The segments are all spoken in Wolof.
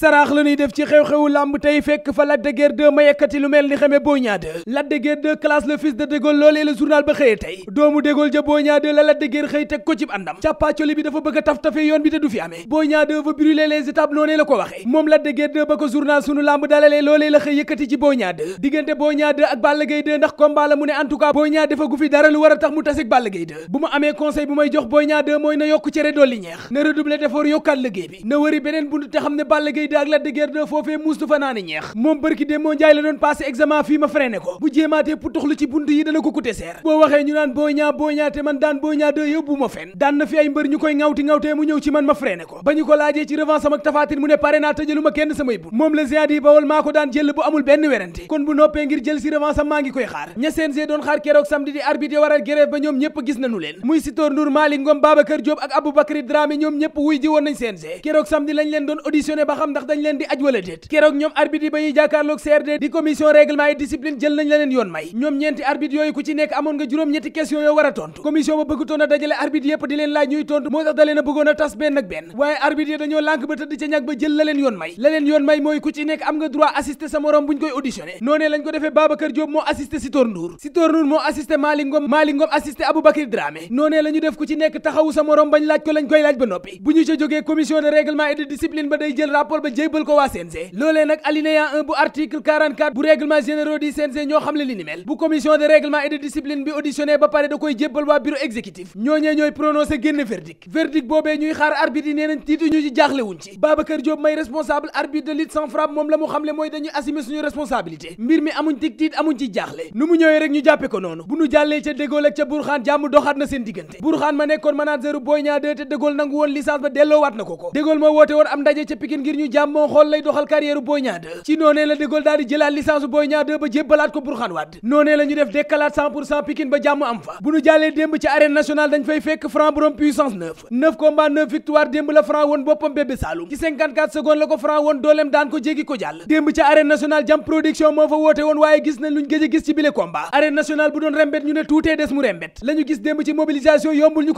saraax la ñuy def ci xew-xewu làmb tey fekk fa Lac de Guiers 2 ma yekkati lu mel ni xamee Boy Niang 2 Lac de Guiers 2 classe de De loolee la journal ba xëyee tey doomu De Gaulle ja Boy la Lac de xëy teg ko cib àndam càppaacoli bi dafa bëgg a taf-tafe yoon bi te du fi amee Boy Niang 2 va brûler les étapes noonee la ko waxee moom Lac de Guiers ba ko journal sunu làmb dalalee loolee la xëy yëkkati ci Boy Niang diggante Boy ne en tout cas Boy Niang dafa a tax mu tase ak Balla Gaye 2 Seydi ak Lac foofee muus fa naani ñeex moom bërki de moo njaay la doon passé examen fii ma freiné ko bu jéemaatee putuxlu ci bunt yi dana ko coûté cher boo waxee ñu naan Boy Niang te man daan Boy Niang yóbbu ma fenn daan na fi ay mbër ñu koy ŋawti ŋawtee mu ñëw ci man ma freiné ko ba ko laajee ci revanche sama tafaatin mu ne pare naa tëjalu ma kenn samay but moom la géant di bawol maa ko daan jël bu amul benn werante kon bu noppee ngir jël ndax leen di aj wala déet keroog ñoom arbitre yi ba ñuy jàkkaarloog CRD di commission règlement et discipline jël nañ la yoon may ñoom ñeenti arbitre yooyu ku ci nekk amoon nga juróom-ñetti question yoo war tontu commission ba bëggutoon dajale arbitre yépp di leen laaj ñuy tontu moo tax da leen tas benn ak benn waaye arbitre yi dañoo lànk ba tëdd ca ñag ba jël la yoon may la yoon may mooy ku ci nekk am nga droit assister sa morom ba jébbal ko waa CNG loolee nag alinéa bu article 44 bu règlement ñoo xam le ni mel bu commission de règlement et de discipline bi auditionné ba pare da koy jébbal waa bureau exécutif ñooñee ñooy prononcé génn verdict verdict boobee ñuy xaar arbitre yi nee ci jaaxlewuñ ci Babacar Diop may responsable arbitre de lutte sans frappe moom la mu xam mooy dañuy assumer suñu responsabilité mbir mi amuñ tig tiit amuñ ci jaaxle jàmm moom xool lay doxal carrière Boy Niang 2 ci ñu def dekkalaat 100 pour cent Pikine ba jàmm am fa ñu jàllee démb ci arène nationale dañ fay démb ci 54 secondes la ko Franc ci arène nationale jam production ci bile combat arène nationale bu doon rembet ñu ne tuutee des mu rembet la démb ci mobilisation yombul ñu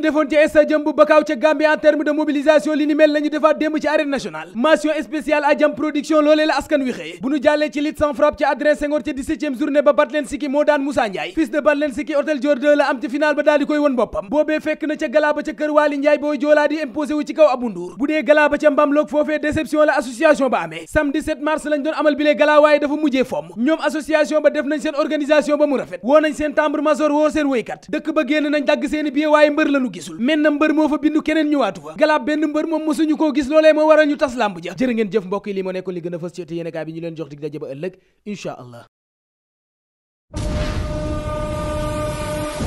defoon ci stadium bu Bakaaw ca Gambie en terme de mobilisation li ni mel la defaat démb ci arène nationale mention spéciale à production loolee askan wi bu ñu jàllee ci lit sans frappe ci Adrien Senghor ca 17e journée ba Batlen Siki moo daan Moussa Ndiaye fils de Batlen Siki hôtel Dior 2 la am ci final ba daal koy won boppam boobee fekk na ca galaa ca kër Waali Ndiaye booy joolaa di imposé ci kaw Abou Ndour bu dee galaa ba ca Mbamloog foofee déception la association ba amee samedi 7 mars lañ doon amal bile galaa waaye dafa ba def nañ seen organisation ba mu rafet woo nañ seen tambour major woo seen woykat dëkk ba génn moo waral tas làmb ja jërë ngeen jëf mbokk yi li moo nekkoon li a fës leen jox dig ba ëllëg incha allah